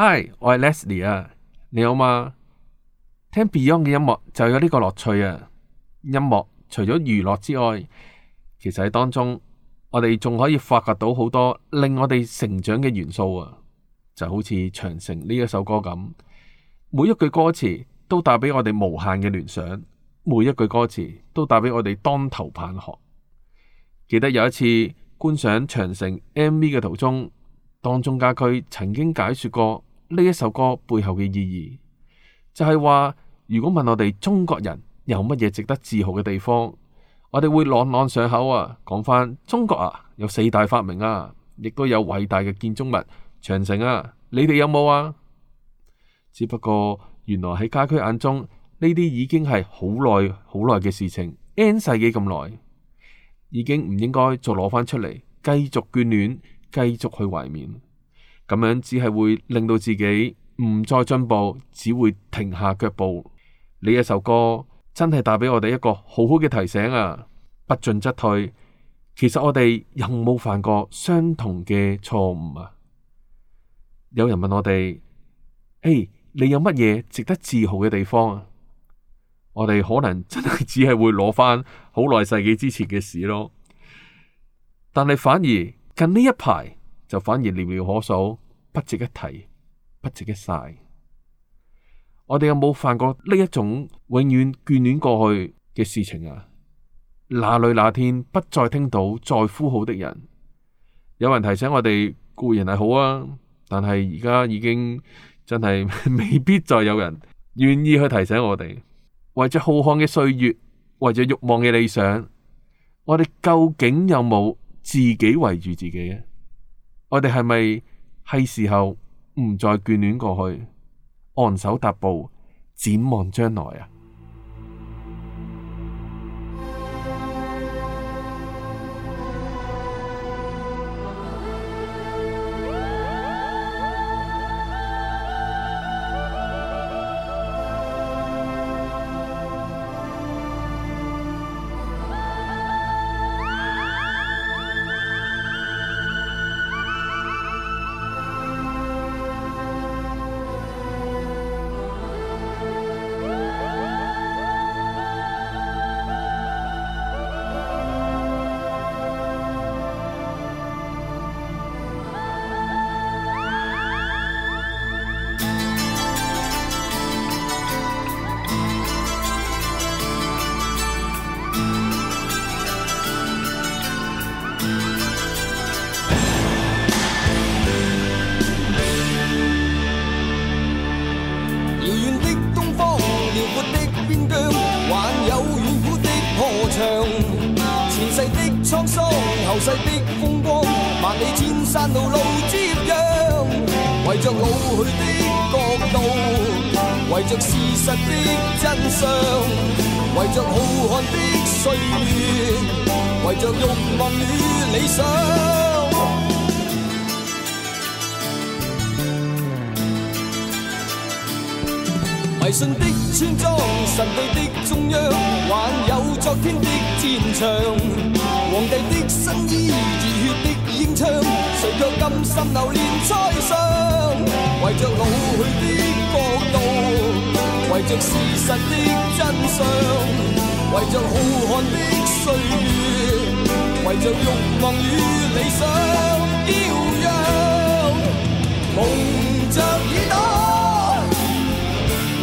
Hi，我係 Leslie 啊，你好嘛？聽 Beyond 嘅音樂就有呢個樂趣啊！音樂除咗娛樂之外，其實喺當中我哋仲可以發掘到好多令我哋成長嘅元素啊！就好似《長城》呢一首歌咁，每一句歌詞都帶俾我哋無限嘅聯想，每一句歌詞都帶俾我哋當頭棒喝。記得有一次觀賞《長城》MV 嘅途中，當中家駒曾經解說過。呢一首歌背後嘅意義，就係話如果問我哋中國人有乜嘢值得自豪嘅地方，我哋會朗朗上口啊，講翻中國啊，有四大發明啊，亦都有偉大嘅建築物長城啊。你哋有冇啊？只不過原來喺家駒眼中呢啲已經係好耐好耐嘅事情，n 世紀咁耐，已經唔應該再攞翻出嚟，繼續眷戀，繼續去懷念。咁樣只係會令到自己唔再進步，只會停下腳步。呢一首歌真係帶畀我哋一個好好嘅提醒啊！不進則退。其實我哋有冇犯過相同嘅錯誤啊？有人問我哋，嘿，你有乜嘢值得自豪嘅地方啊？我哋可能真係只係會攞返好耐世紀之前嘅事咯。但係反而近呢一排。就反而寥寥可數，不值一提，不值一晒。我哋有冇犯過呢一種永遠眷戀過去嘅事情啊？那裏那天不再聽到再呼號的人，有人提醒我哋固然係好啊，但係而家已經真係未必再有人願意去提醒我哋，為着浩瀚嘅歲月，為着慾望嘅理想，我哋究竟有冇自己圍住自己？我哋係咪係時候唔再眷戀過去，昂首踏步，展望將來啊？前世的滄桑，後世的風光，萬里千山路路接樣。為着老去的角度，為着事實的真相，為着浩瀚的歲月，為着欲望與理想。迷信的村莊，神秘的中央，還有昨天的戰場。皇帝的新衣，熱血的英槍，誰卻甘心留戀在上？為着老去的國度，為着事實的真相，為着浩瀚的歲月，為着欲望與理想，飄揚，蒙着耳朵。